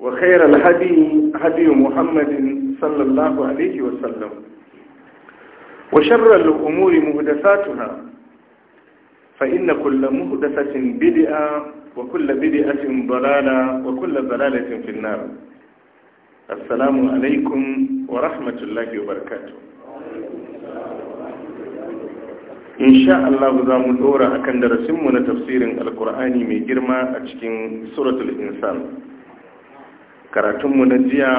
وخير الهدي هدي محمد صلى الله عليه وسلم وشر الأمور مهدفاتها فإن كل مهدفة بدئة وكل بدئة ضلالة وكل ضلالة في النار السلام عليكم ورحمة الله وبركاته إن شاء الله ذا مدورة أكن درسمنا تفسير القرآن من جرمى أتشكين سورة الإنسان karatunmu na jiya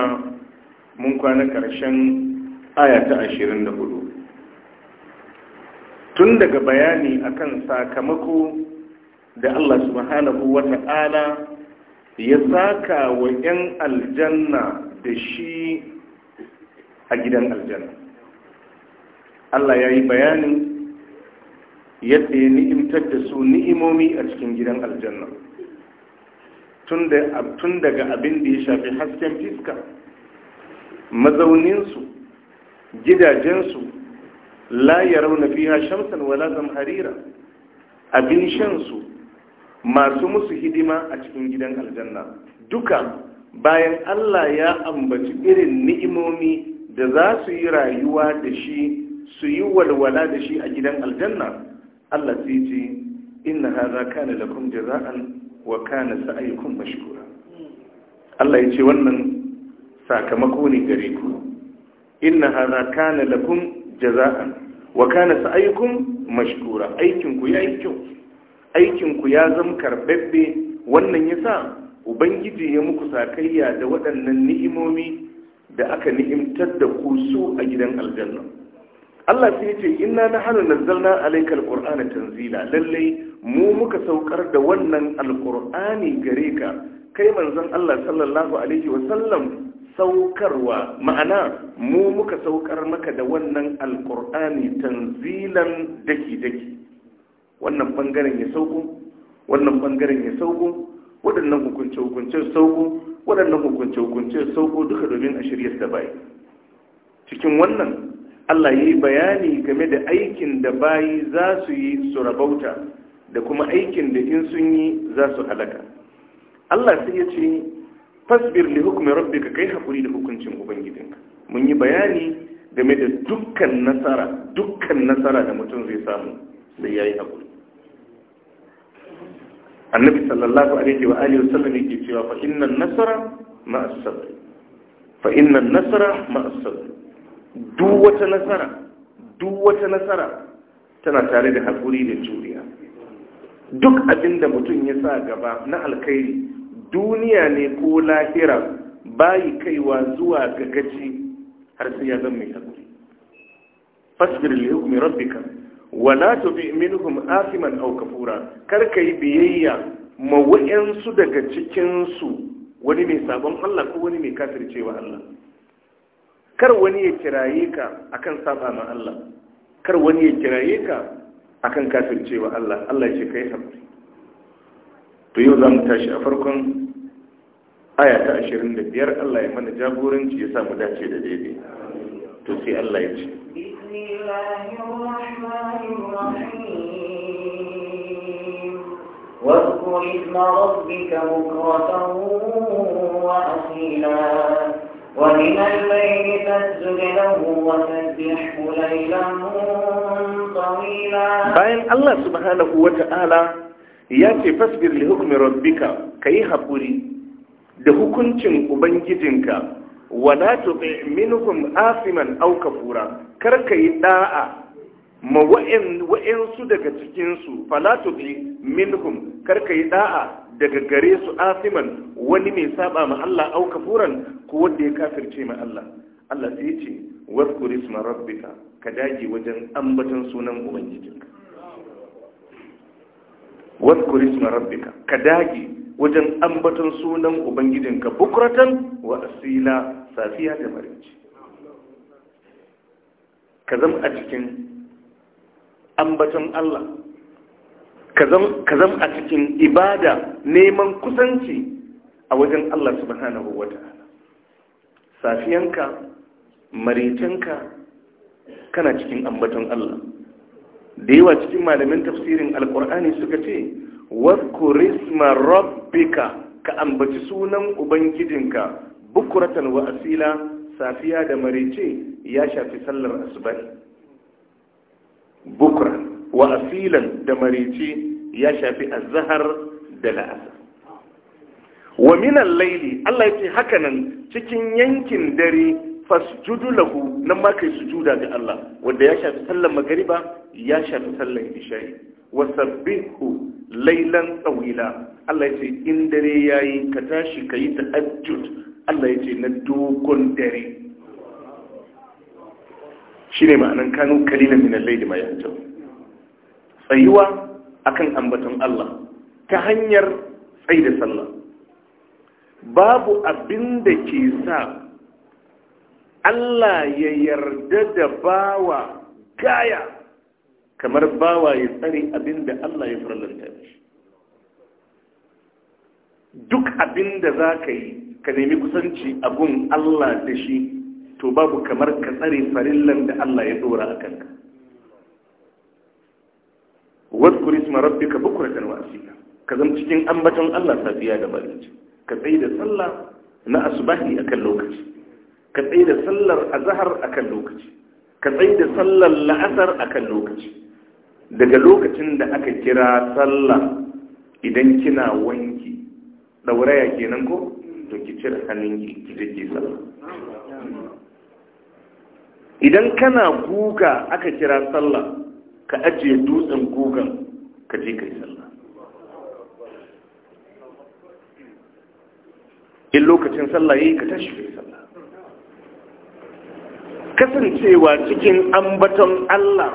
mun kwana ƙarshen aya ta hudu. tun daga bayani akan sakamako da Allah subhanahu wa ta'ala ya saka wa 'yan aljanna da shi a gidan aljanna Allah ya yi bayanin yadda ya ni'imtar da su ni'imomi a cikin gidan aljanna tun daga abin da ya shafi hasken fiska mazauninsu gidajensu la ya shamsan wala zamharira abin shansu masu musu hidima a cikin gidan aljanna duka bayan Allah ya ambaci irin ni'imomi da za su yi rayuwa da shi su yi walwala da shi a gidan aljanna Allah sai ce inna hadha da lakum jaza'an wa kana sa'aykum mashkura Allah ya ce wannan sakamako ne gare ku inna hadha kana lakum jaza'an wa kana sa'aykum mashkura aikin ku yayi kyau aikin ku ya zama karbabbe wannan yasa ubangiji ya muku sakayya da waɗannan ni'imomi da aka ni'imtar da ku su a gidan aljanna Allah sai ce inna nahnu nazzalna alayka alqur'ana tanzila lalle mu muka saukar da wannan alqur'ani gare ka kai manzon Allah sallallahu alaihi wa sallam saukarwa ma'ana mu muka saukar maka da wannan alqur'ani tanzilan daki daki wannan bangaren ya sauko wannan bangaren ya sauko waɗannan hukunce hukuncen sauko waɗannan hukunce hukuncen sauko duka domin a shirye da bai cikin wannan Allah yi bayani game da aikin da bayi za su yi su rabauta da kuma aikin da in sun yi za su halaka Allah sai ya ce fasbir li rabbi ka kai hakuri da hukuncin ubangijinka mun yi bayani game da dukkan nasara dukkan nasara da mutum zai samu da ya yi hakuri Annabi sallallahu alaihi wa alihi sallam yake cewa fa innan nasara ma'as sabr fa innan nasara ma'as sabr duk wata nasara duk wata nasara tana tare da haƙuri da juriya duk abin da mutum ya sa gaba na alkhairi duniya ne ko lahira bayi kaiwa zuwa ga gaci har sai ya zama mai haƙuri fasbir li hukmi rabbika wa la minhum asiman aw kafura kar kai biyayya ma wa'ansu daga cikin su wani mai sabon Allah ko wani mai kafircewa Allah kar wani ya kiraye ka akan saba ma Allah kar wani ya kiraye ka akan kafircewa Allah Allah ce kai haƙuri to yau zamu tashi a farkon aya ta 25 Allah ya mana jagoranci ya mu dace da daidai to sai Allah ya ce واذكر اسم ربك بكرة وأصيلا ومن الليل فاسجد له وسبحه ليلا طويلا باين الله سبحانه وتعالى yace fasbir li hukmi rabbika kayi hakuri da hukuncin ubangijinka ka tuti minhum asiman aw kafura kar kayi da'a ma wa'in wa'in su daga cikin su fala tuti minhum kar kayi da'a daga gare su asiman wani mai saba ma Allah au kafuran ko wanda ya kafirce ma Allah Allah sai ce wazkur isma rabbika ka dage wajen ambaton sunan ubangijinka wazkur isma rabbika ka dage wajen ambaton sunan ubangijinka bukratan wa asila safiya da marici ka zama a cikin ambaton Allah ka zama a cikin ibada neman kusanci a wajen Allah subhanahu wa ta'ala safiyanka maritanka kana cikin ambaton Allah da yawa cikin malamin tafsirin alkur'ani suka ce wakurisma rabbika ka ambaci sunan ubangijinka bukuratan wa asila safiya da marice ya shafi sallar asubai bukura wa asilan da marici ya shafi azhar da la'asa. wa minan laili Allah ya ce haka nan cikin yankin dare fasjudu lahu nan ma kai sujuda ga Allah wanda ya shafi sallar magariba ya shafi sallar isha'i wa sabbihu lailan tsawila Allah ya ce in dare yayi ka tashi ka yi ta'ajjud Allah ya ce na dogon dare shine ma'anan kanu kalilan min al-layli ma yahjaw tsayuwa akan ambaton Allah ta hanyar tsayi da sallah babu abin da ke sa Allah ya yarda da bawa gaya kamar bawa ya tsare abin da Allah ya da shi duk abin da za ka yi ka nemi kusanci abun Allah da shi to babu kamar ka tsare farillan da Allah ya dora a kanka wadkur isma rabbika bukura wa asila ka zama cikin ambaton Allah safiya da barci ka tsaye da sallah na asubahi kan lokaci ka tsaye da sallar a kan lokaci ka tsaye da sallar la'asar kan lokaci daga lokacin da aka kira sallah idan kina wanki ɗauraya kenan ko to ki cire hannunki ki ki sallah idan kana guga aka kira sallah ka ajiye dutsen gugan ka je ka yi sallah in lokacin sallah yi ka tashi ka yi sallah kasancewa cikin ambaton Allah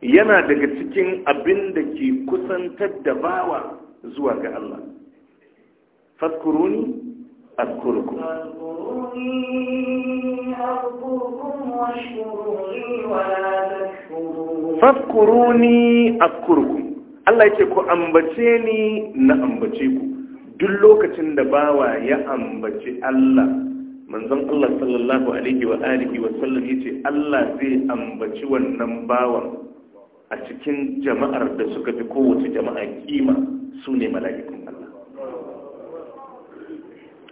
yana daga cikin abin da ke kusantar da bawa zuwa ga Allah faskuruni a faskuruni wa fafkuruni kurku Allah yake ku ambace ni na ambace ku duk lokacin da bawa ya ambaci Allah manzon Allah sallallahu alaihi wa alihi wa sallam yace Allah zai ambaci wannan bawan a cikin jama'ar da suka fi kowace jama'a kima su ne mala'ikun Allah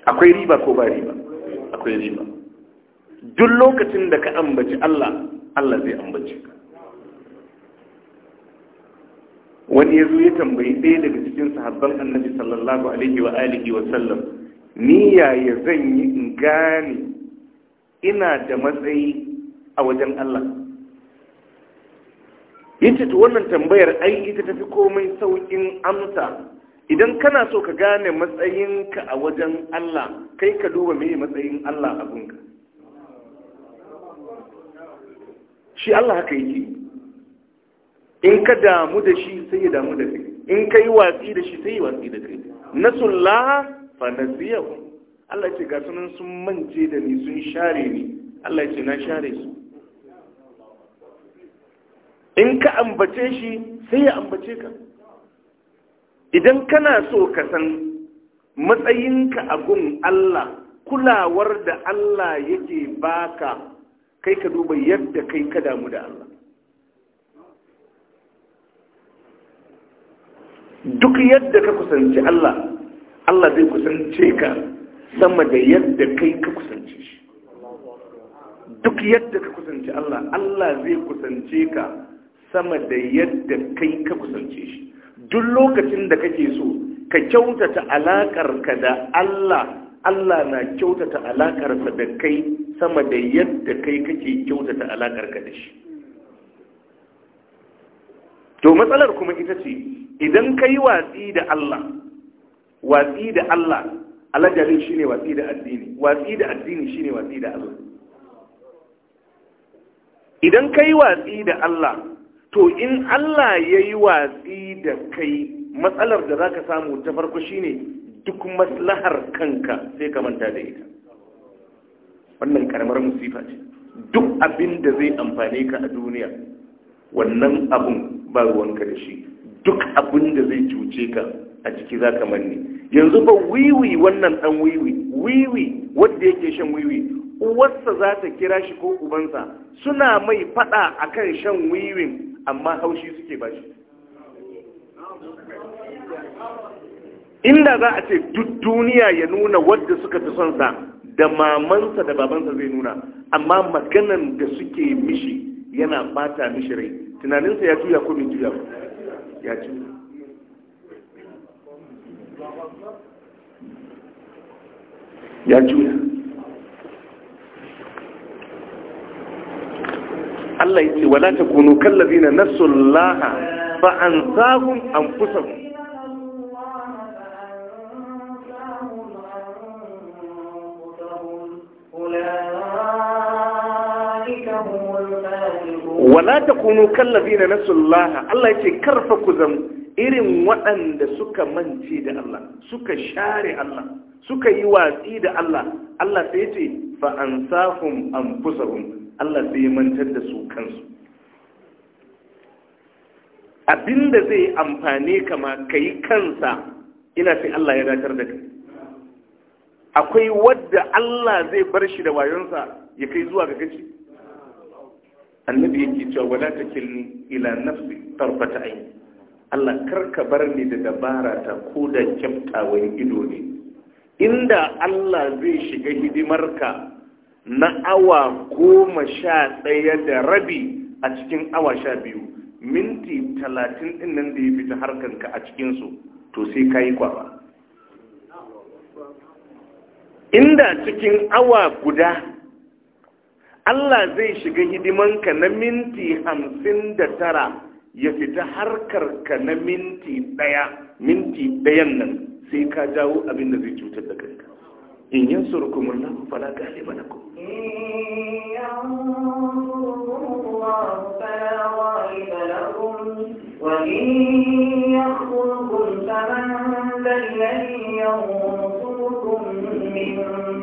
akwai riba ko ba riba akwai riba duk lokacin da ka ambaci Allah Allah zai ambace ka wani ya zo ya tambayi ɗaya daga cikin sahabban annabi sallallahu alaihi wa alihi wa sallam ni yaya zan yi in gane ina da matsayi a wajen Allah yace to wannan tambayar ai ita tafi komai saukin amsa idan kana so ka gane matsayinka a wajen Allah kai ka duba meye matsayin Allah abinka shi Allah haka yake in ka damu da shi sai ya damu da kai in ka yi watsi da shi sai ya watsi da kai nasullah fa nasiyahu Allah ce ga sunan sun mance da ni sun share ni Allah ce na share su in ka ambace shi sai ya ambace ka idan kana so ka san matsayinka a gun Allah kulawar da Allah yake baka kai ka duba yadda kai ka damu da Allah duk yadda ka kusanci Allah Allah zai kusance ka sama da yadda kai ka kusance shi duk yadda ka kusanci Allah Allah zai kusance ka sama da yadda kai ka kusance shi duk lokacin da kake so ka kyautata alaƙarka da Allah Allah na kyautata alaƙarsa da kai sama da yadda kai kake kyautata alaƙarka da shi to matsalar kuma ita ce idan ka yi watsi da Allah watsi da Allah alajalin shi ne watsi da addini watsi da addini shi ne watsi da Allah idan ka yi watsi da Allah to in Allah ya yi watsi da kai matsalar da za ka samu ta farko shi ne duk maslahar kanka sai ka manta da ita wannan karamar musifa ce duk abin da zai amfane ka a duniya wannan abun ba ruwanka da shi duk abin da zai cuce ka a ciki za ka manne yanzu ba wiwi wannan dan wiwi wiwi wanda yake shan wiwi uwarsa za ta kira shi ko ubansa suna mai fada akan shan wiwin amma haushi suke ba shi inda za a ce duk duniya ya nuna wadda suka fi son sa da mamansa da babansa zai nuna amma maganan da suke mishi yana bata mishi rai tunaninsa ya juya ko bai juya ba ya juya ya juya Allah yake wala kunu kallazina nasullaha fa ansahum anfusahum wala takunu na nasullaha Allah ya ce karfa ku zam irin waɗanda suka manci da Allah suka share Allah suka yi watsi da Allah Allah sai ce, fa an fusarun Allah sai mantar da su kansu abinda zai amfani kama ka yi kansa ina sai Allah ya datar da kai akwai wadda Allah zai bar shi da wayonsa ya kai zuwa ga gaci annabi yake cewa wala ta ila nafsi tarfata aini Allah karka bar ni da dabara ta ko da kyaftawan ido ne inda Allah zai shiga hidimarka na awa goma sha ɗaya da rabi a cikin awa sha biyu minti talatin ɗin nan da ya fita harkanka a cikinsu to sai ka yi kwaba inda cikin awa guda Allah zai shiga hidimanka na minti hamsin da tara ya fita harkarka na minti ɗaya minti ɗayan nan sai ka jawo abin da zai cutar da kanka in yin kuma na fara gane mana ku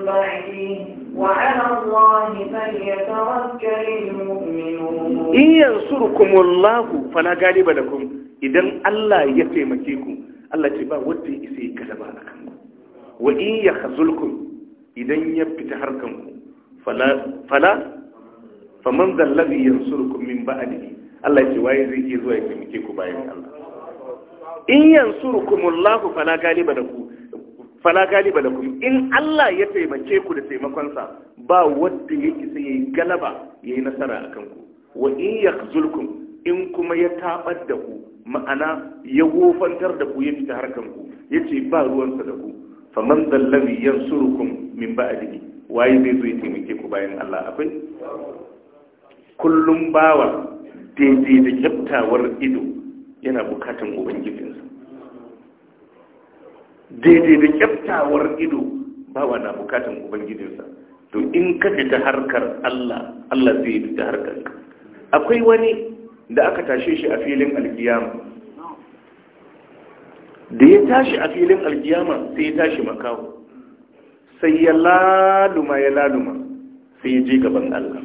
Thank you. وعلى الله فليتوكل المؤمنون إن ينصركم الله فلا غالب لكم إذا الله يتمكيكم Allah ce ba wanda ya isa ya galaba a kanku wa in ya khazulkum idan ya fita ku, fala fala faman zallabi yansurkum min ba'dihi Allah ce waye zai iya zuwa ya taimake ku bayan Allah in yansurkum Allah fala galiba da ku fala galiba da kuma in Allah ya taimake ku da taimakonsa ba wanda yake sai ya yi galaba ya yi nasara a kanku wa in ya in kuma ya taɓar da ku ma'ana ya wofantar da ku ya fita harkanku ya ce ba ruwansa da ku man zallami yan surukun min ba waye zai zo ya taimake ku bayan Allah akwai kullum bawa daidai da kyaftawar ido yana bukatan ubangijinsa daidai da kyaftawar ido bawa na bukatan ubangijinsa to in ka fita harkar Allah Allah zai fita harkar akwai wani da aka tashe shi a filin alkiyama da ya tashi a filin alkiyama sai ya tashi makawo sai ya laluma ya laluma sai ya je gaban Allah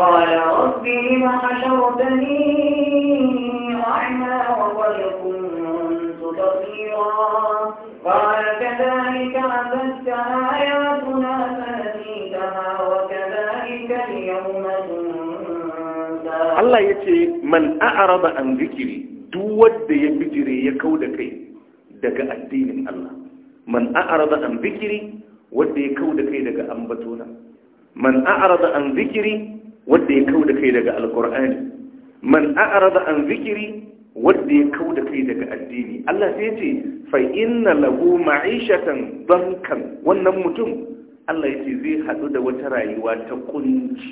قال رب لم حشرتني أعمى وقد كنت بصيرا قال كذلك أتتك آياتنا فنسيتها وكذلك اليوم تنسى الله يتي من أعرض عن ذكري دوود يا بجري يا كودكي دقا الدين الله من أعرض عن ذكري ودي يا كودكي دقا أنبتونا من أعرض عن ذكري Wadda ya da kai daga alqur'ani man a'rada an zikiri wadda ya da kai daga addini Allah sai ya ce fa inna lahu ma'ishatan bankan wannan mutum Allah ya ce zai hadu da wata rayuwa ta kunci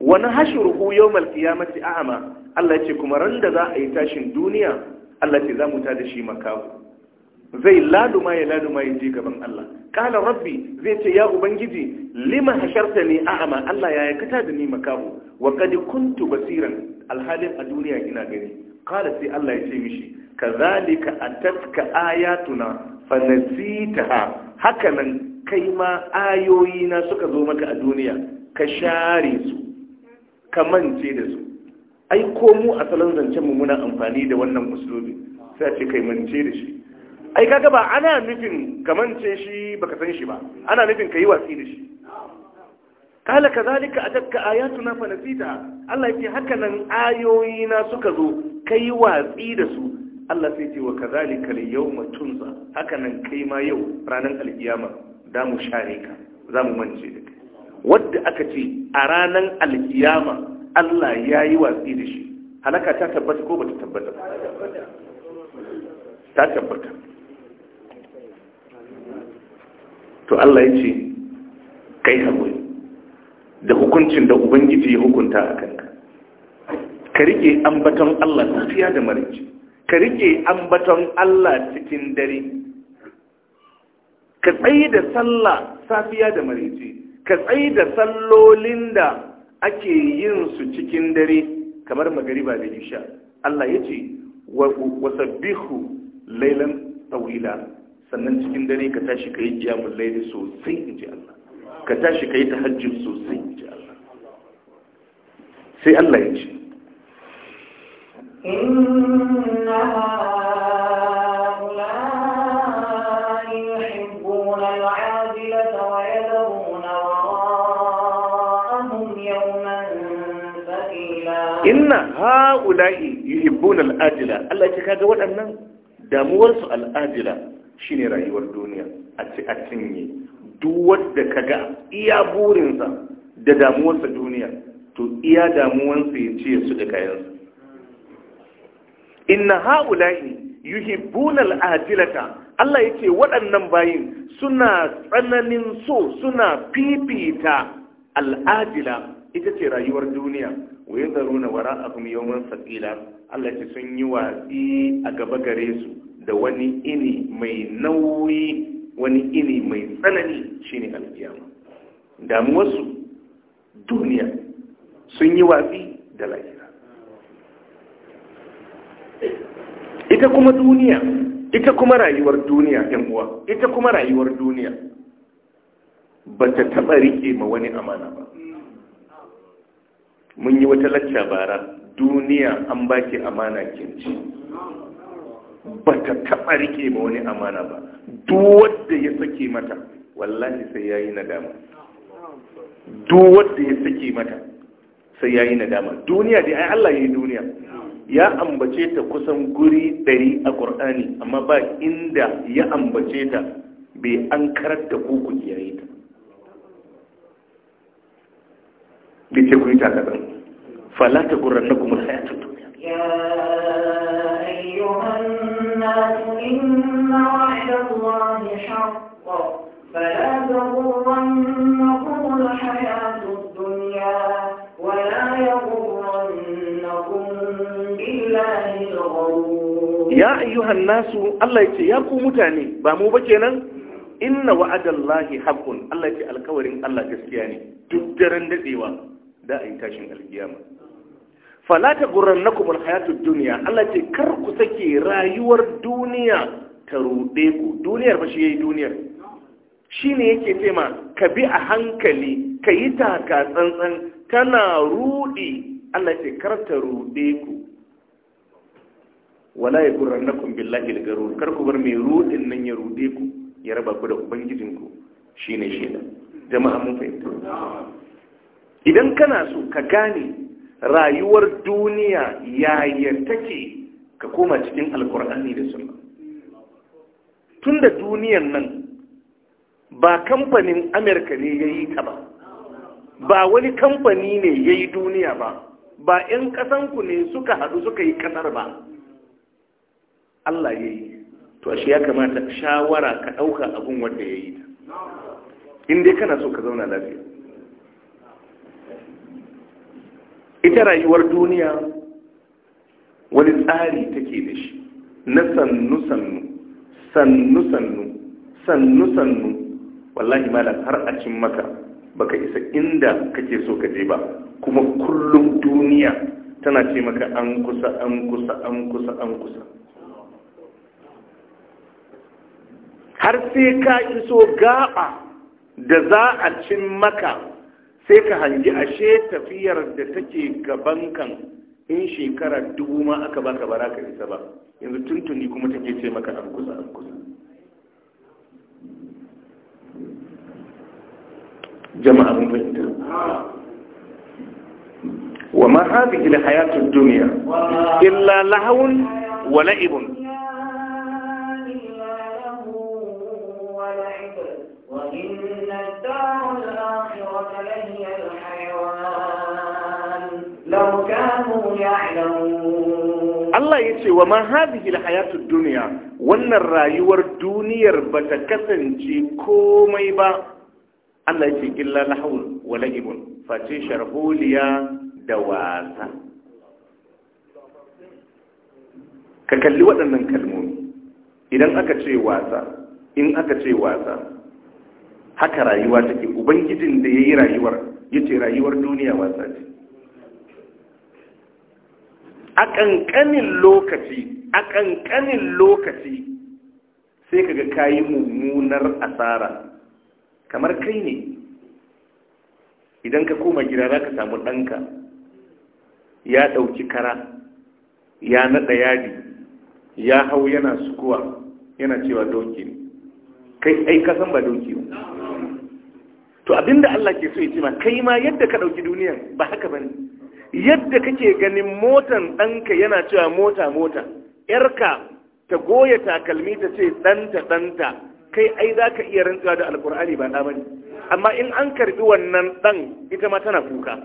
wani hashuruhu yau malkiyamati ama Allah ce kuma ran da za a yi tashin duniya Allah ce za mu ta da shi makafu zai laduma ya laduma ya je gaban Allah kala rabbi zai ce ya ubangiji lima hasharta ni a'ama Allah ya kata da ni makahu wa qad kuntu basiran alhalin a duniya ina gani kala sai Allah ya ce mishi kazalika atatka ayatuna Haka nan, kai ma ayoyi na suka zo maka a duniya ka share su ka mance da su ai ko mu asalin zancen mu muna amfani da wannan usulubi sai ce kai mance da shi ai kaga ba ana nufin kamance shi baka san shi ba ana nufin ka yi watsi da shi kala kazalika atatka ayatuna fa nasita Allah yake haka nan ayoyi na suka zo kai watsi da su Allah sai ce wa kazalika liyawma tunza haka nan kai ma yau ranan alkiyama da mu share ka za mu mance da kai wanda aka ce a ranan alkiyama Allah ya yi watsi da shi halaka ta tabbata ko ba ta tabbata ta tabbata to Allah ya ce kai haƙuri da hukuncin da ubangiji ya hukunta a kanka ka rike ambaton Allah safiya da marici ka rike ambaton Allah cikin dare ka tsaye da sallah safiya da marici ka tsaye da sallolin da ake yin su cikin dare kamar magariba da isha Allah ya ce wa sabbihu lailan tawila sannan cikin dare ka tashi ka yi kiyamun laili sosai in ji Allah ka tashi ka yi ta hajjin sosai in ji Allah sai Allah ya ce inna ha'ula'i yuhibbuna al'ajila Allah ya ce kaga waɗannan damuwarsu al'ajila ne rayuwar duniya a ci a cinye duk wanda ga iya burinsa da damuwarsa duniya to iya damuwarsa ya ce su da kayansa inna haula'i yuhibbuna ajilata Allah yace waɗannan bayin suna tsananin so suna fifita al'ajila ita ce rayuwar duniya wa yadharuna wara'ahum yawman saqila Allah yace sun yi watsi a gaba gare su da wani ini mai nauyi wani ini mai tsanani shine alkiyama damuwarsu duniya sun yi wafi da lahira ita kuma duniya ita kuma rayuwar duniya yan uwa ita kuma rayuwar duniya ba ta taɓa riƙe ma wani amana ba mun yi wata lacca bara duniya an baki amana kinci ba ta taɓa rike ma wani amana ba wadda ya sake mata wallahi sai ya yi nadama wadda ya sake mata sai ya yi nadama duniya dai ai Allah ya yi duniya ya ambace ta kusan guri ɗari a ƙur'ani amma ba inda ya ambace ta bai an karar da ku kiyaye ta bai ce ku yi falata ƙurar na kuma hayatun duniya Ya ayyu hannasu, Allah ya ce, ya ku mutane, ba mu ba kenan? Inna ina wa’ad Allah ya haƙun, Allah ya ce alkawarin Allah gaskiya ne, duk daren daɗewa da a yi tashin alƙiyama. Fala ta na kuma hayatun duniya, Allah ya ce, kar ku sake rayuwar duniya ta ruɗe ku, duniyar ba shi ya yi duniyar, shi ne yake ce ma ka bi a hankali ka yi taka tsantsan tana rudi Allah ce karta rude ku wala ya kura na kumbin lahil garo ruru kar ku bar mai rudin nan ya rude ku ya raba ku da ubangijinku shi ne shi jama'a mun fahimta idan kana so ka gane rayuwar duniya yaya take ka koma cikin alkur'ani da sunna tunda duniyan nan ba kamfanin amurka ne ya yi ta ba ba wani kamfani ne ya yi duniya ba ba 'yan ƙasanku ne suka haɗu suka yi kasar ba Allah ya yi to shi ya kamata shawara ka ɗauka abin wanda ya yi ta inda kana so ka zauna lafiya ita rayuwar duniya wani tsari take da shi na sannu-sannu sannu-sannu sannu-sannu wallahi malam har a cin maka baka isa inda kake so ka je ba kuma kullum duniya tana ce maka an kusa an kusa an kusa an kusa har sai ka iso gaba da za a cin maka sai ka hangi ashe tafiyar da take gaban kan in shekara dubu ma aka baka bara ka isa ba yanzu tuntuni kuma take ce maka an kusa an kusa jama'a mun fahimta wa ma hadhihi alhayatud duniya illa lahawun wa la'ibun Allah ya ce wa man hadhihi alhayatud dunya wannan rayuwar duniyar ba ta kasance komai ba Allah ya ce illa lahawun wa la'ibun face sharholiya da wasa ka kalli waɗannan kalmomi idan aka ce wasa in aka ce wasa haka rayuwa take ubangijin da ya yi rayuwar ya ce rayuwar duniya wasa ce a ƙanƙanin lokaci a ƙanƙanin lokaci sai kaga kayi mummunar asara kamar kai ne idan ka koma gida za ka samu ɗanka ya ɗauki kara ya naɗa yadi ya hau yana sukuwa yana cewa doki ne kai ai kasan ba doki ba to abinda Allah ke so ya ce ma kai ma yadda ka ɗauki duniyan ba haka bane yadda kake ganin motan ɗanka yana cewa mota mota yarka ta goya takalmi ta ce ɗanta ɗanta kai ai za ka iya rantsuwa da alkur'ani ba na ne, amma in an karbi wannan dan ita ma tana kuka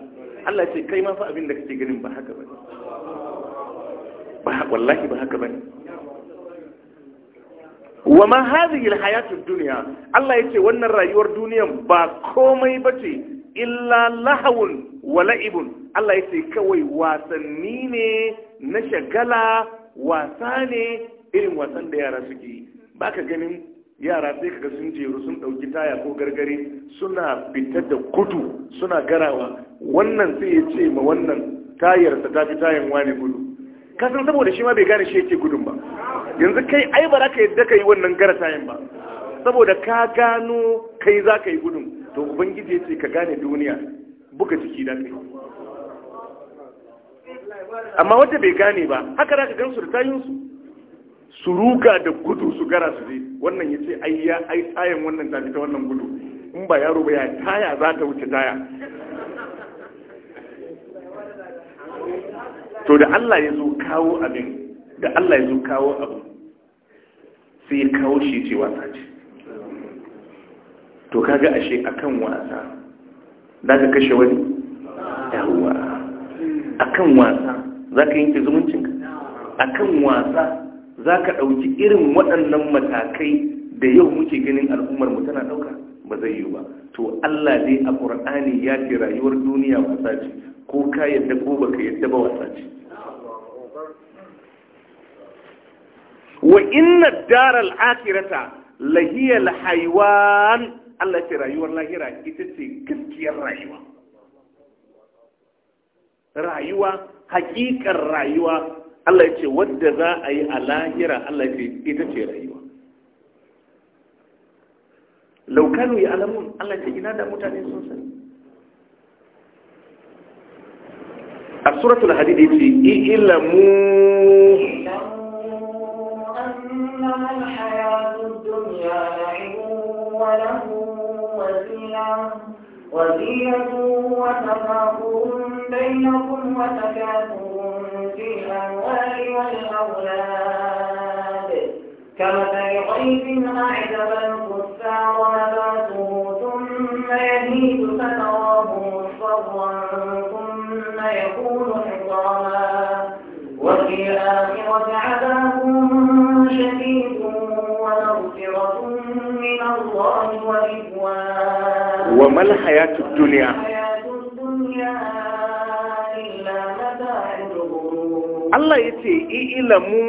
Allah ce kai ma fa abin da kake ganin ba haka bane ba wallahi ba haka bane wa ma hadhihi alhayatu dunya Allah yace wannan rayuwar duniyan ba komai bace illa lahawun wa la'ibun Allah yace kawai wasanni ne na shagala wasa ne irin wasan da yara suke baka ganin yara sai kaga sun jeru sun ɗauki taya ko gargare suna fitar da kudu suna garawa wannan sai ya ce ma wannan tayarsa ta fi tayan wani gudu kasan saboda shi ma bai gane shi yake gudun ba yanzu kai ai ba za ka yadda ka yi wannan gara tayan ba saboda ka gano kai za ka yi gudun to ubangiji ya ce ka gane duniya buga ciki da kai amma wanda bai gane ba haka za ka gan da tayinsu su ruga da gudu su gara su je wannan ya ce ai ya ai tayan wannan ta fita wannan gudu in ba yaro ba ya taya za ta wuce taya to da Allah ya zo kawo abin da Allah ya zo kawo abu sai ya kawo shi ce wasa ce to kaga ashe akan wasa za ka kashe wani yawa akan wasa za ka yanke ka? akan wasa za ka ɗauki irin waɗannan matakai da yau muke ganin al'ummar mu tana ɗauka ba zai yi ba to Allah dai a ƙur'ani ya ce rayuwar duniya wasa ce ko ka yadda ko baka yadda ba wasa ce wa inna daral akhirata lahiyal haywan Allah ce rayuwar lahira ita ce gaskiyar rayuwa rayuwa hakikar rayuwa Allah ya ce wadda za a yi a lahira Allah ya ce ita ce rayuwa laukanu ya alamun Allah ce ina da mutane sun sani a suratul hadid ya ce ilamu وزينة وتفاقر بينكم وتكاثر في الأموال والأولاد كمثل غيث أعجب الكفار نباته ثم يهيج فتراه مصفرا ثم يكون حطاما وفي الآخرة عذاب شديد ومغفرة من الله ورضوان وما الحياة الدنيا؟ الحياة الدنيا الحياة الدنيا Allah ya ce ilamu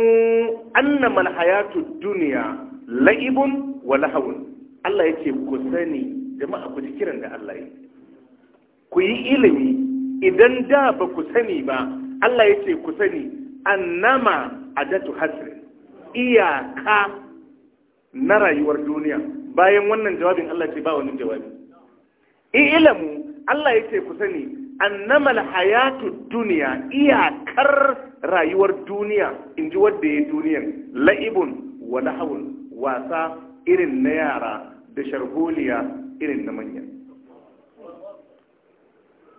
annamal hayatu duniya la'ibun wa lahawun Allah ya ce ku sani jama'a ku ji kiran da Allah ya ku yi ilimi idan da ba ku sani ba Allah ya ce ku sani annama adatu hasri iyaka na rayuwar duniya bayan wannan jawabin Allah ce ba wani jawabi ilamu Allah ya ce ku sani annamal hayatu duniya iyakar rayuwar duniya Inji ji wadda ya duniyan la'ibun wa lahawun wasa irin na yara da sharholiya irin na manya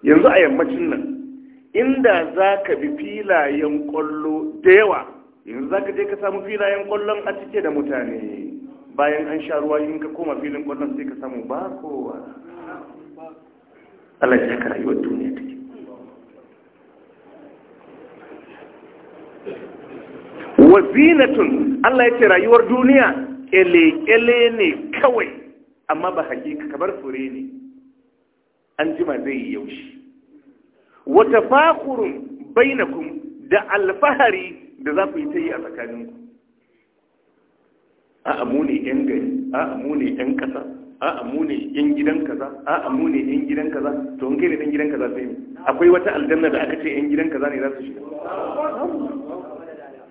yanzu a yammacin nan inda za ka bi filayen kwallo da yawa yanzu za ka je ka samu filayen kwallon a cike da mutane bayan an sha ruwa yin ka koma filin kwallon sai ka samu ba kowa Allah ya saka rayuwar duniya take wa zinatun Allah ya ce rayuwar duniya ƙele-ƙele ne kawai amma ba hakika kamar fure ne an jima zai yi yaushi wata fakurun bainakum da alfahari da za ku yi ta yi a tsakaninku a amu ne 'yan gari a amu ne 'yan ƙasa a'a mu ne yan gidan kaza a'a mu ne yan gidan kaza to in kai ne yan gidan kaza sai akwai wata aljanna da aka ce yan gidan kaza ne za su shiga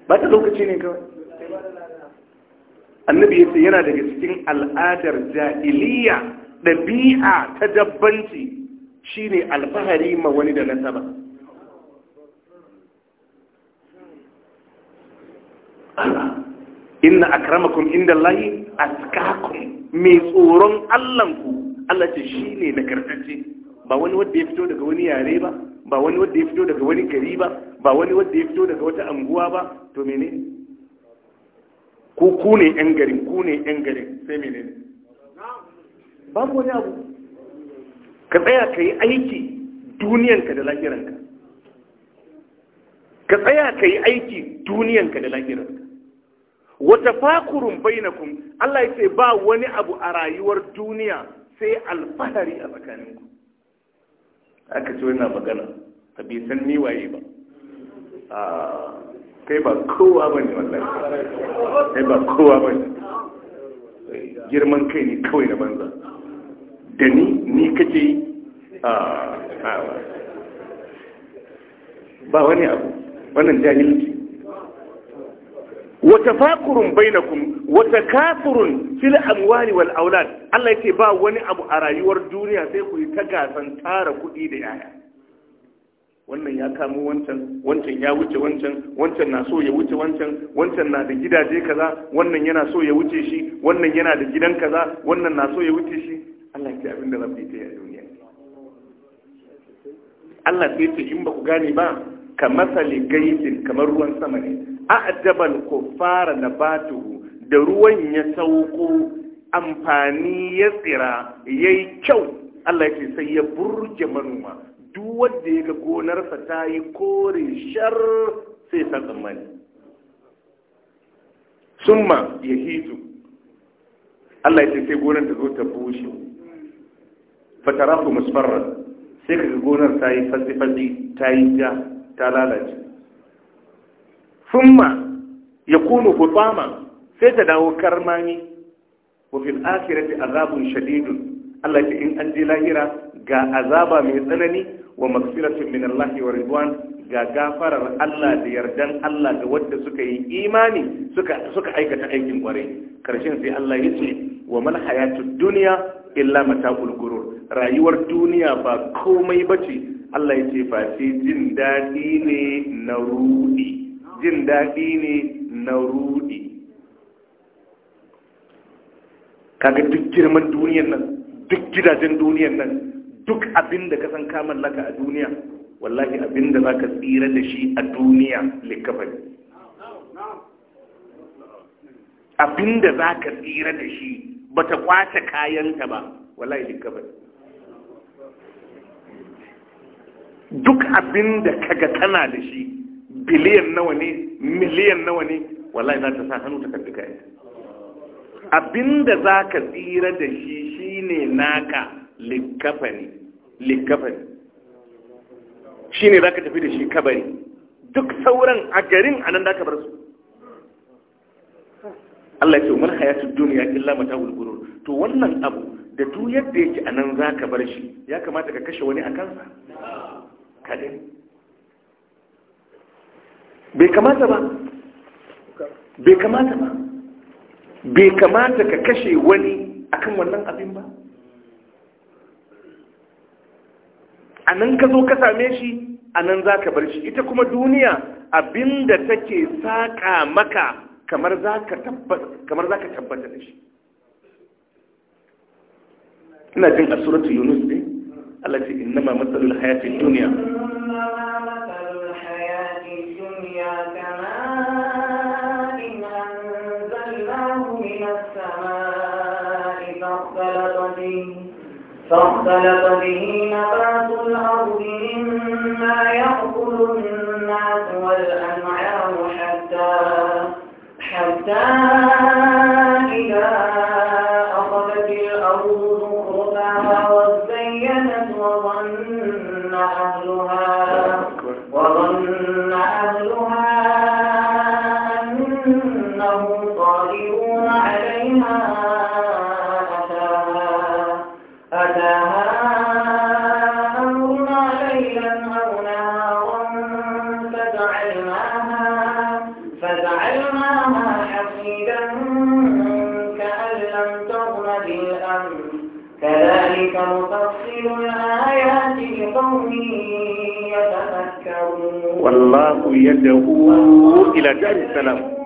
ba ta lokaci ne kawai annabi ya ce yana daga cikin al'adar jahiliya ɗabi'a ta dabbanci shine alfahari ma wani da nasaba inna akramakum indallahi askakum mai tsoron Allahnku Allah ce shi ne na karkace ba wani wadda ya fito daga wani yare ba ba wani wadda ya fito daga wani gari ba ba wani wadda ya fito daga wata anguwa ba to mene ko ku ne yan garin ku ne yan garin sai mene babu wani abu ka tsaya ka yi aiki duniyanka da lahiranka ka tsaya ka yi aiki duniyanka da lahiranka wata fakurun bainakum Allah ya ce ba wani abu a rayuwar duniya sai alfahari a tsakaninku aka ce wani magana a bi san ni waye ba ah, kai ba kowa ba ne wallahi kai ba kowa ba ne eh, girman kai ne kawai na banza da ni ni kace ah, ba wani abu wannan jahilci watafakurun bainakum watakasurun fil amwali wal aulad Allah yake ba wani abu a rayuwar duniya sai ku yi ta gasan tara kuɗi da yaya wannan ya kamo wancan wancan ya wuce wancan wancan na so ya wuce wancan wancan na da gidaje kaza wannan yana so ya wuce shi wannan yana da gidan kaza wannan na so ya wuce shi Allah ya abin da rabbi ta ya duniya Allah sai ce in ba ku gane ba ka sali gaisin kamar ruwan sama ne a'jabal kuffara nabatuhu da ruwan ya sauko amfani ya tsira yayi kyau Allah yake sai ya burge manoma duk wanda ya ga gonarsa ta yi kore shar sai ta tsammani summa ya hitu Allah ya sai gonar ta zo ta bushe fatarafu musfarra sai ka ga gonar ta yi fatsi-fatsi ta yi ja ta lalace ya yakunu hutama sai ta dawo karmani wa fil akhirati azabun shadidun Allah ce in an je lahira ga azaba mai tsanani wa maghfiratun min Allah wa ridwan ga gafarar Allah da yardan Allah ga wadda suka yi imani suka aikata aikin kware karshen sai Allah ya ce wa mal hayatud dunya illa mata'ul gurur rayuwar duniya ba komai bace Allah ya ce fa sai jin dadi ne na ruɗi jin daɗi ne na rudi kaga duk girman duniyar nan duk gidajen duniyar nan duk abin da ka san ka mallaka a duniya wallahi abin da za ka tsira da shi a duniya likafani abin da za ka tsira da shi ba ta kwace kayanta ba wallahi likafani duk abin da kaga tana da shi biliyan nawa ne miliyan nawa ne wallahi za ta sa hannu ta karbi kayan abinda za ka tsira da shi shine naka likafani likafani shine za ka tafi da shi kabari duk sauran a garin a nan da ka bar su Allah ya ce umar hayatu duniya illa mata gurur to wannan abu da duk yadda yake a nan za ka bar shi ya kamata ka kashe wani a kansa ka bai kamata ba bai kamata ba bai kamata ka kashe wani akan wannan abin ba a nan ka zo ka same shi a nan za ka bar shi ita kuma duniya abinda take saƙa maka kamar za ka tabbata da shi ina jin a yunus ne Allah ce innama matsalul hayatin duniya فاختلط به نبات الأرض مما يأكل الناس والأنعام حتى حتى أتاها أمرنا ليلا أو نهارا فجعلناها, فجعلناها كأن لم تغن بالأمر كذلك نفصل الآيات لقوم يتفكرون والله يدعو إلى دار السلام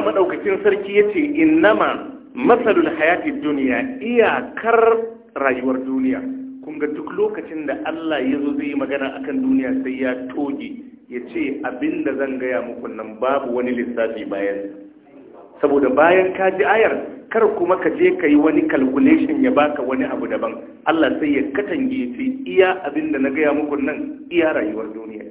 Allah maɗaukacin sarki ya ce innama matsalul hayatin duniya iyakar rayuwar duniya kun ga duk lokacin da Allah ya zo zai magana akan duniya sai ya toge ya ce abin da zan gaya muku nan babu wani lissafi bayan saboda bayan ka ji ayar kar kuma ka je ka yi wani calculation ya baka wani abu daban Allah sai ya katange ya iya abin da na gaya muku nan iya rayuwar duniya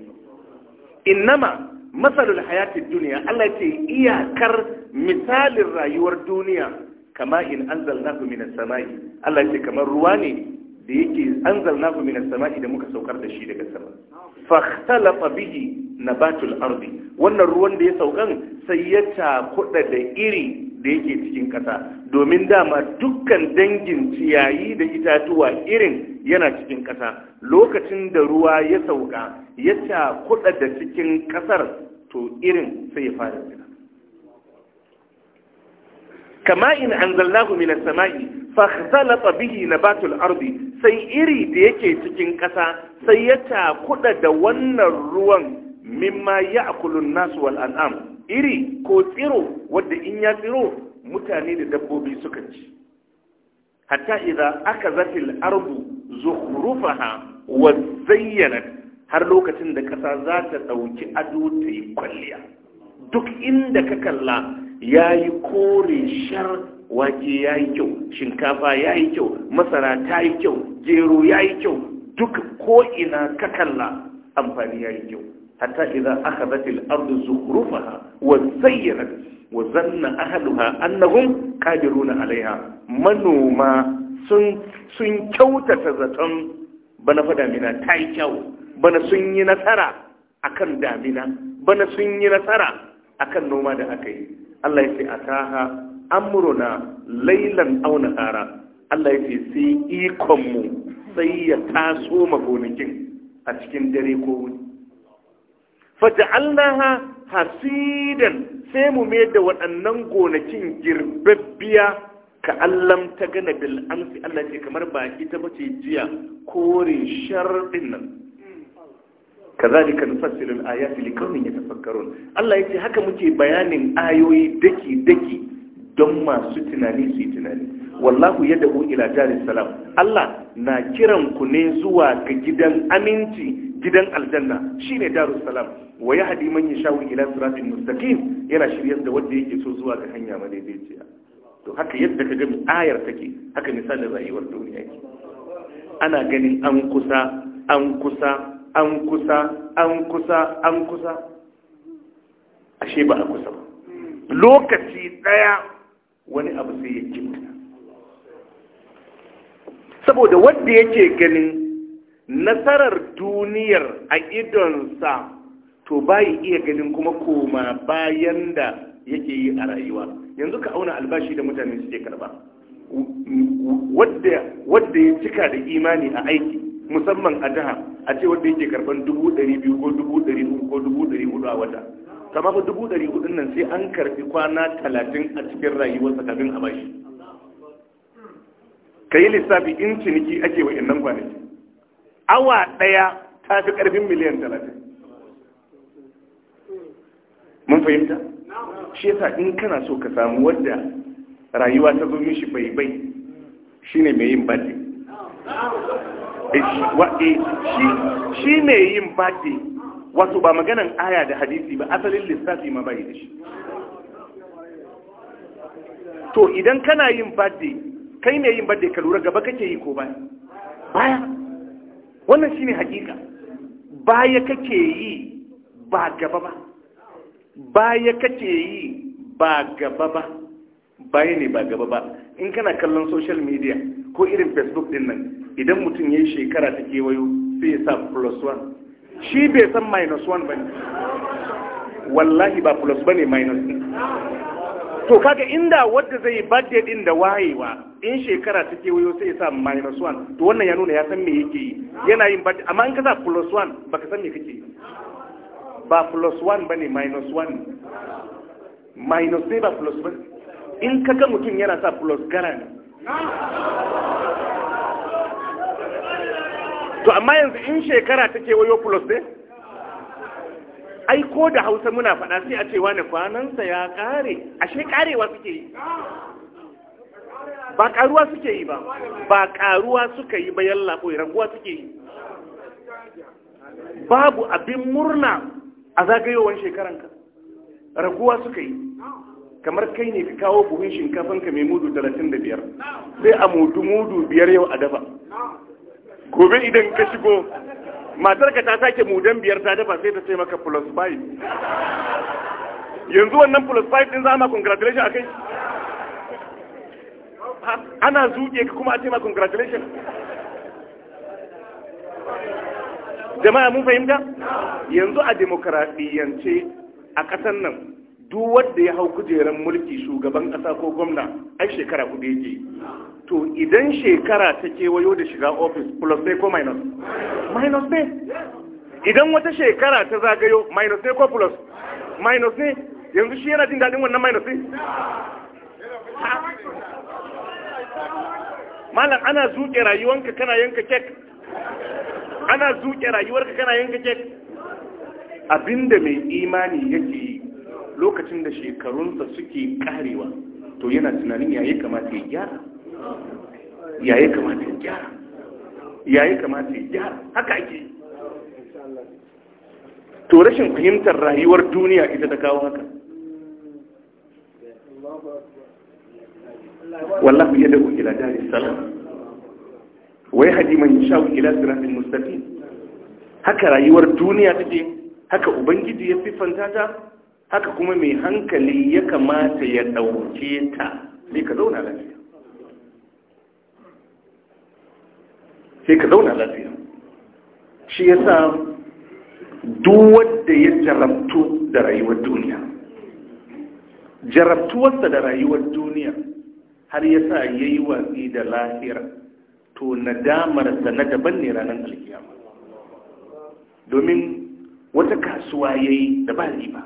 innama masalul hayatin duniya Allah ce iyakar misalin rayuwar duniya kama in anzalnahu minas sama'i Allah ce kamar ruwa ne da yake anzalnahu minas sama'i da muka saukar da shi daga sama khalafa bihi nabatul ardi wannan ruwan da ya saukan sai ya takuda da iri da yake cikin kasa domin dama dukkan dangin ciyayi da itatuwa irin yana cikin kasa lokacin da ruwa ya sauka ya takuda da cikin kasar to irin sai ya fara tsira kama in anzalnahu minas sama'i khalafa bihi nabatul ardi sai iri da yake cikin ƙasa sai ya takuɗa da wannan ruwan mimma ya akulun nasu wal an'am iri ko tsiro wadda in ya tsiro mutane da dabbobi suka ci hatta idan aka zafi ardu zukhrufaha wa zayyanat har lokacin da ƙasa za ta ɗauki ado ta yi kwalliya duk inda ka kalla ya yi kore shar wake ya yi kyau shinkafa ya yi kyau masara ta yi kyau gero ya yi kyau duk ko'ina ka kalla amfani ya yi kyau hatta idan aka zafi al'adu zuhrufaha wa zayyana wa zanna ahaluha annahum qadiruna alaiha manoma sun sun kyautata zaton bana fa damina ta yi kyau bana sun yi nasara akan damina bana sun yi nasara akan noma da aka yi Allah ya ce taha. amruna lailan auna nahara Allah ya ce sai ikon mu sai ya taso gonakin a cikin dare ko wuni faja'alnaha hasidan sai mu mai da waɗannan gonakin girbabbiya ka allam ta gana bil amsi Allah ce kamar ba ita ba ce jiya kore sharɗin nan kazalika nufassilu ayati yatafakkarun Allah ce haka muke bayanin ayoyi daki daki don masu tunani su tunani wallahu yadda dahu ila jarin salam Allah na kiran ku ne zuwa ga gidan aminci gidan aljanna shine darus salam wa ya hadi man yashawu ila siratin mustaqim yana shiryar da wanda yake so zuwa ga hanya madaidaiciya to haka yadda ka ga ayar take haka misalin rayuwar duniya yake ana ganin an kusa an kusa an kusa an kusa an kusa ashe ba a kusa ba lokaci daya wani abu sai ya mana saboda wanda yake ganin nasarar duniyar a idonsa to bayi iya ganin kuma koma bayan da yake yi a rayuwa yanzu ka auna albashi da mutane suke karba wadda ya cika da imani a aiki musamman a jiha a ce wadda yake karban dubu ɗari biyu ko dubu ɗari ko dubu ɗari hudu a wata kama fa dubu ɗari hudun nan sai an karfi kwana talatin a cikin rayuwarsa kafin a bashi ka yi lissafi in ciniki ake wa innan kwanaki awa ɗaya ta fi ƙarfin miliyan talatin mun fahimta shi yasa in kana so ka samu wadda rayuwa ta zo mishi bai bai shine mai yin bade eh, eh, shi mai yin bade wato ba maganan aya da hadisi ba asalin lissafi ma bai da shi to idan kana yin birthday kai ne yin birthday ka lura gaba kake yi ko baya baya wannan shine hakika baya kake yi ba gaba ba baya kake yi ba gaba ba baya ne ba gaba ba in kana kallon social media ko irin facebook din nan idan mutum ya yi shekara ta kewayo sai ya sa plus one shi bai san minus 1 ba ne wallahi ba plus ba ne minus ɗin to kaga inda wadda zai yi birthday din da wayewa in shekara ta kewayo sai ya sa minus 1 to wannan ya nuna ya san me yake yi yana yin birthday amma in ka sa plus 1 baka san me kake yi ba plus 1 ba ne minus 1 minus ne ba plus 1 in kaga mutum yana sa plus gara ne to amma yanzu in shekara take wayo plus ne ai ko da hausa muna faɗa sai a cewa na kwanansa ya ƙare ashe ƙarewa suke yi ba ƙaruwa suke yi ba ba ƙaruwa suka yi ba yalla ko raguwa suke yi babu abin murna a zagayowar shekaran ka, raguwa suka yi kamar kai ne ka kawo buhun shinkafanka mai mudu 35 sai a mudu mudu biyar yau a dafa gobe idan ka shigo matar ka ta sake mudan biyar ta dafa sai ta sai maka plus five yanzu wannan plus five din za ma congratulation akai ana zuke ka kuma a ce ma congratulation jama'a mun fahimta yanzu a demokaradiyance a ƙasar nan duk wanda ya hau kujeran mulki shugaban ƙasa ko gwamna ai shekara kuɗi yake to idan shekara ta kewayo da shiga ofis plus ne ko minus minus ne idan wata shekara ta zagayo minus ne ko plus minus ne yanzu shi yana jin daɗin wannan minus ne malam ana zuke rayuwanka kana yanka kek ana zuke rayuwarka kana yanka kek abinda mai imani yake yi lokacin da shekarunsa suke karewa to yana tunanin yayi kamata ya gyara yayi kamata ya gyara yayi kamata ya gyara haka ake to rashin fahimtar rayuwar duniya ita ta kawo haka wallahu yad'u ila dari salam Wai haji man sha ila siratin Mustafi? haka rayuwar duniya take haka ubangiji ya siffanta ta haka kuma mai hankali ya kamata ya dauke ta sai ka zauna lafiya sai ka zauna lafiya shi ya sa duwadda ya jarabtu da rayuwar duniya jarabtuwarsa da rayuwar duniya har ya sa ya yi watsi da lahira to nadamarsa na daban ne ranar alkiyama domin wata kasuwa ya yi da ba riba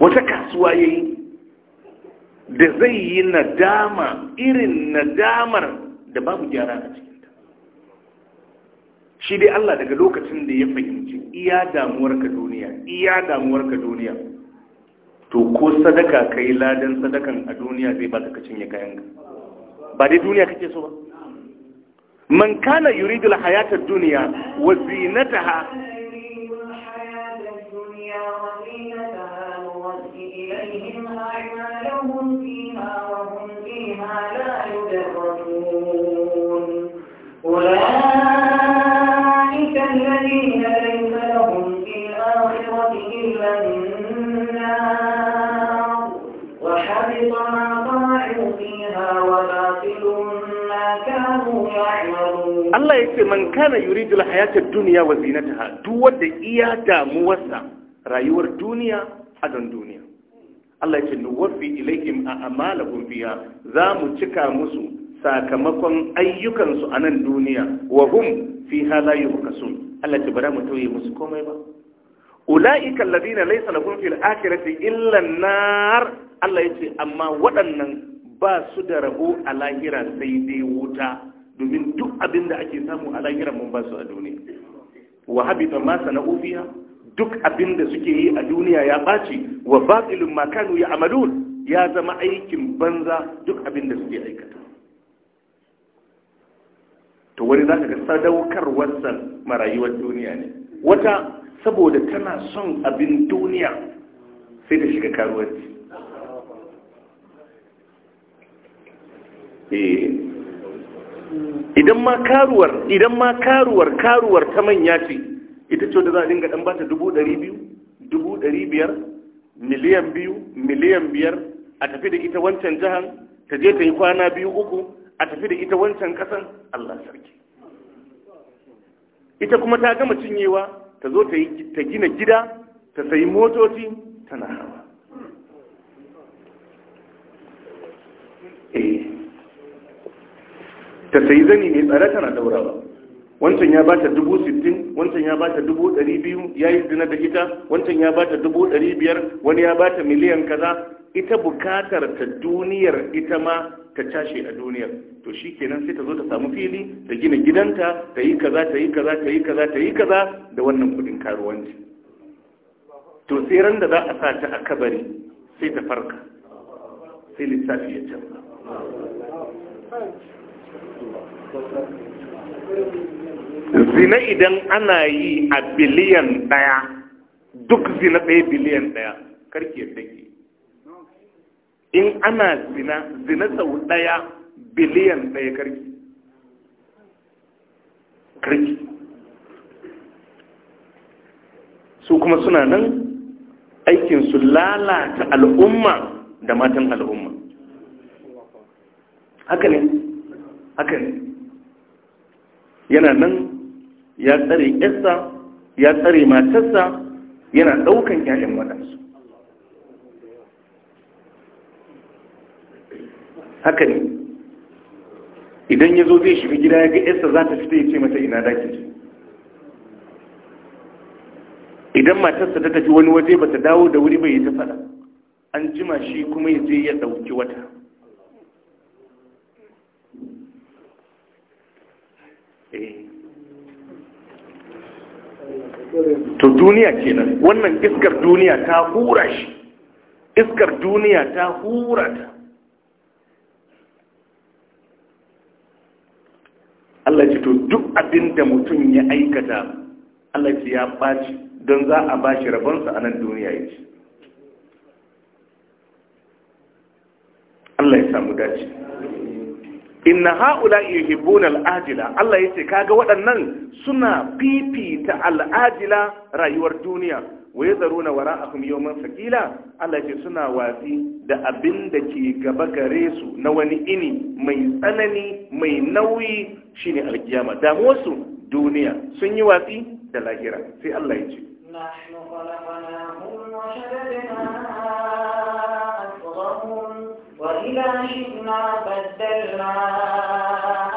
wata kasuwa ya yi da zai yi nadama irin nadamar da babu gyara a cikinta shi dai Allah daga lokacin da ya fahimci iya damuwarka duniya iya damuwarka duniya to ko sadaka kai ladan sadakan a duniya zai baka ka cinye kayan ka ba dai duniya kake so ba man kana yuridu alhayata ad-dunya wa zinataha Allah ya ce man kana yuridul hayatar duniya wa zinataha duk wanda iya damuwarsa rayuwar duniya a don duniya Allah ya ce nuwaffi ilaihim a amalahum za mu cika musu sakamakon ayyukansu a nan duniya wa hum fiha la yubqasun Allah ya ce bara mu tauye musu komai ba ulaika alladhina laysa lahum fil akhirati illa an-nar Allah ya ce amma waɗannan ba su da rabo a lahira sai dai wuta domin duk abin da ake samu a lahiran mun ba su a duniya wa habita ma sana'u fiha duk abin da suke yi a duniya ya ɓaci wa batilun ma kanu ya amalun ya zama aikin banza duk abin da suke aikata to wani za ka ga sadaukarwarsa marayuwar duniya ne wata saboda tana son abin duniya sai da shiga karuwarci eh, idan ma karuwar idan ma karuwar karuwar ta manya ce ita ce da za a dinga dan bata dubu ɗari biyu dubu ɗari biyar miliyan biyu miliyan biyar a tafi da ita wancan jihar ta je ta yi kwana biyu uku a tafi da ita wancan ƙasan allah sarki ita kuma ta gama cinyewa ta zo ta gina gida ta sayi motoci tana hawa eh ta sayi zani ne tsada tana daurawa wancan ya bata dubu sittin wancan ya bata dubu ɗari biyu ya yi zina da ita wancan ya bata dubu ɗari biyar wani ya bata miliyan kaza ita bukatar ta duniyar ita ma ta cashe a duniyar to shi kenan sai ta zo ta samu fili ta gina gidanta ta yi kaza ta yi kaza ta yi kaza ta yi kaza da wannan kuɗin karuwanci to sai ran da za a sa ta a kabari sai ta farka sai lissafi ya canza zina idan ana yi a biliyan ɗaya duk zina ɗaya biliyan ɗaya karki yadda ke in ana zina zina sau ɗaya biliyan ɗaya karki karki su kuma suna nan aikinsu lalata al'umma da matan al'umma haka ne haka ne yana nan ya tsare ƙyarsa ya tsare matarsa yana ɗaukan 'ya'yan waɗansu haka ne idan ya zo zai shiga gida ya ga ƴarsa za ta fita ya ce mata ina daki ce idan matarsa ta tafi wani waje ba ta dawo da wuri ba ya ta faɗa an jima shi kuma ya je ya ɗauki wata to duniya kenan wannan iskar duniya ta hura shi iskar duniya ta hura ta Allah ce to duk abin da mutum ya aikata Allah ce ya ɓaci don za a ba shi rabonsa a nan duniya ya ce Allah ya samu dace inna haula yuhibbuna al'ajila Allah yace kaga waɗannan suna fifita al'ajila rayuwar duniya wa yadharuna wara'akum yawman thaqila Allah yace suna watsi da abin da ke gaba gare su na wani ini mai tsanani mai nauyi shine alkiyama damuwar su duniya sun yi watsi da lahira sai Allah yace nahnu khalaqnahum wa shadadna وإذا شئنا بدلنا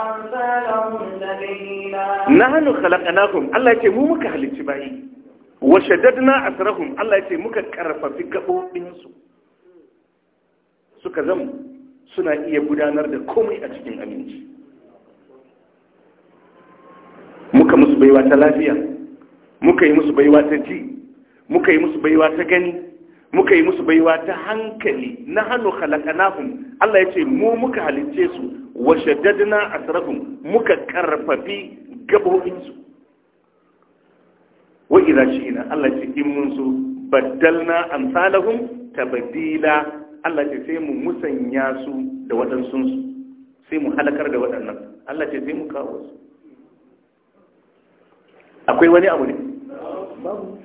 أمثالهم تبديلا نحن خلقناكم الله يتي مو مكا هلتي باي وشددنا أسرهم الله يتي مكا كرفا في قبو suka zama suna iya gudanar da komai a cikin aminci muka musu baiwa ta lafiya muka yi musu baiwa ta ji muka yi musu baiwa ta gani muka yi musu baiwa ta hankali na hannu halakanahun Allah ya ce mu muka halicce su wa shaddadna asrahum muka karfafi gabobinsu wa idza shi'na Allah ya ce mun su badalna amsalahum tabdila Allah ya ce sai mu musanya su da wadansun su sai mu halakar da waɗannan Allah ya ce sai mu kawo su akwai wani abu ne babu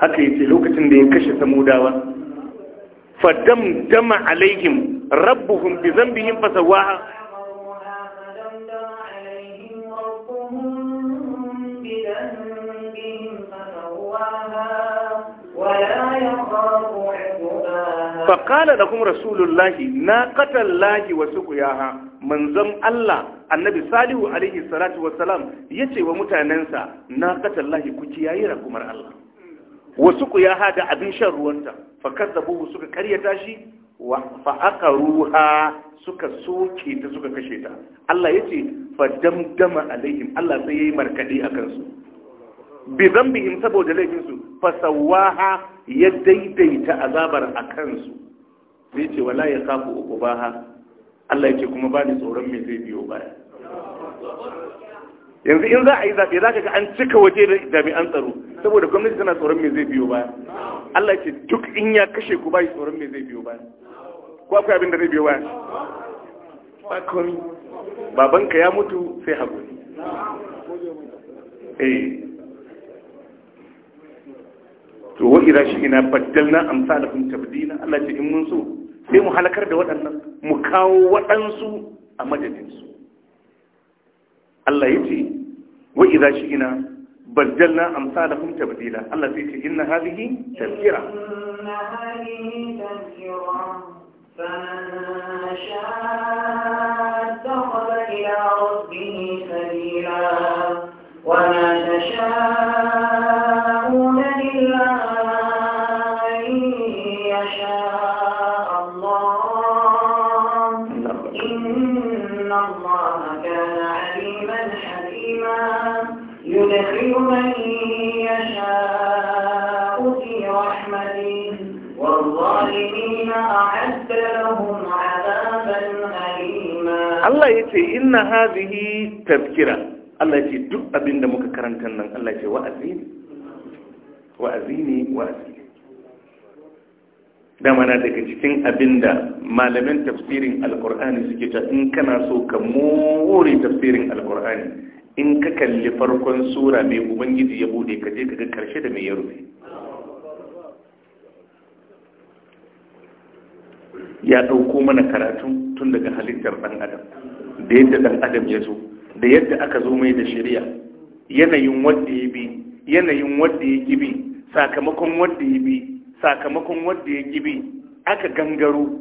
haka yi lokacin da ya kashe samudawa faddam dama alaihim rabbuhum bi zambihim fasawaha faƙala da kuma rasulun lahi na ƙatar lahi wasu kuyaha manzan Allah annabi salihu alaihi salatu wasalam ya ce wa mutanensa na ƙatar kuki ku kiyaye rakumar Allah wasu ku ya hada abin shan ruwanta fa kazzabu suka karyata shi wa fa aqaruha suka soke ta suka kashe ta Allah yace fa damdama alaihim Allah sai yayi markaɗe a kansu. bi zambihim saboda laifin su fa sawaha ya daidaita azabar akan su sai yace wala ya kafu ubaha Allah yace kuma ba ni tsoron me zai biyo baya yanzu in za a yi zaɓe za ka ga an cika waje da jami'an tsaro saboda gwamnati tana tsoron me zai biyo ba. Allah ce duk in ya kashe ku ba tsoron me zai biyo ba. ko akwai abin da zai biyo ba ba komi babanka ya mutu sai haƙuri eh to wa ira shi ina baddalna amsalakum tabdila Allah ce in mun so sai mu halakar da waɗannan mu kawo waɗansu a su Allah ya ce wa idza shi'na baddalna amsalahum tabdila Allah sai ce inna hadhihi tazkira inna hadhihi tazkira faman sha'a ila rabbihi sabila wa man sha'a ce inna hazihi tafkira? Allah ce duk abin da muka karanta nan Allah ce wa'azi ne wa'azi ne dama na daga cikin abin da malamin tafsirin alkur'ani suke ta in kana so ka more tafsirin alkur'ani in ka kalli farkon sura mai ubangiji ya bude ka je ka ga karshe da mai ya rufe ya ɗauko mana karatu tun daga halittar ɗan adam da yadda dan adam ya zo da yadda aka zo mai da shari'a yanayin wanda ya bi yanayin wanda ya gibi sakamakon wanda ya bi sakamakon wanda ya gibi aka gangaro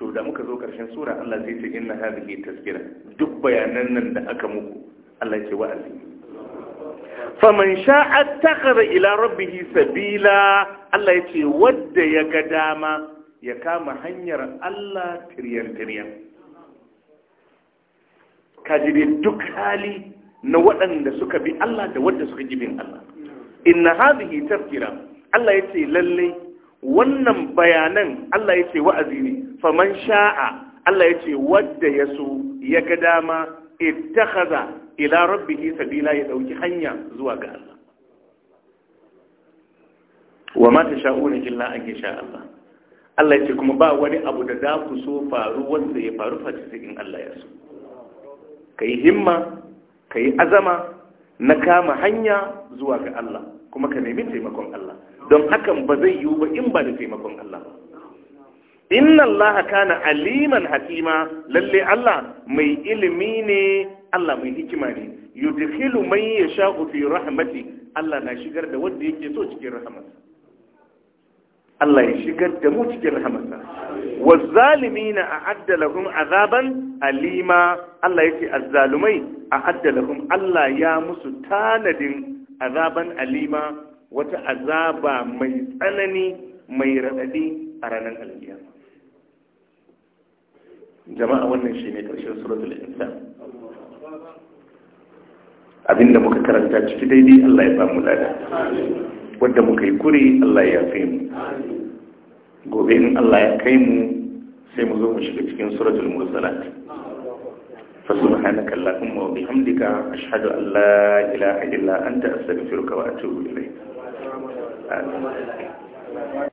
to da muka zo karshen sura Allah zai ce inna hadhihi tazkira duk bayanan nan da aka muku Allah ce wa'azi faman sha'a takhara ila rabbih sabila Allah yace wanda ya ga dama ya kama hanyar Allah tiryan tiryan ka duk hali na waɗanda suka bi Allah da wadda suka jibin Allah inna hadhihi tafkira Allah yace lalle wannan bayanan Allah ce wa'azi ne faman sha'a Allah yace wadda yaso ya ga dama ittakhadha ila rabbih sabila ya ɗauki hanya zuwa ga Allah wa ma tasha'una illa ake sha Allah Allah ce kuma ba wani abu da za ku so faru wanda ya faru face sai in Allah ya so ka yi himma ka yi azama na kama hanya zuwa ga Allah kuma ka nemi taimakon Allah don hakan ba zai yiwu ba in ba da taimakon Allah inna Allah kana aliman hakima lalle Allah mai ilimi ne Allah mai hikima ne yudkhilu man yasha fi rahmati Allah na shigar da wanda yake so cikin rahmatsa Allah ya shigar da mu cikin rahamarsa na a lahum azaban alima Allah yake azzalumai a lahum Allah ya musu tanadin azaban alima wata azaba mai tsanani mai raɗaɗi a ranar alkiyama jama'a wannan shine ƙarshen suratul insan abinda muka karanta ciki daidai Allah ya ba mu lada wadda muka yi kuri Allah ya fi mu gobe in Allah ya kai mu sai mu zo mu shiga cikin suratul mursalat fa subhanaka allahumma wa bihamdika ashhadu an la ilaha illa anta astaghfiruka wa atubu ilayk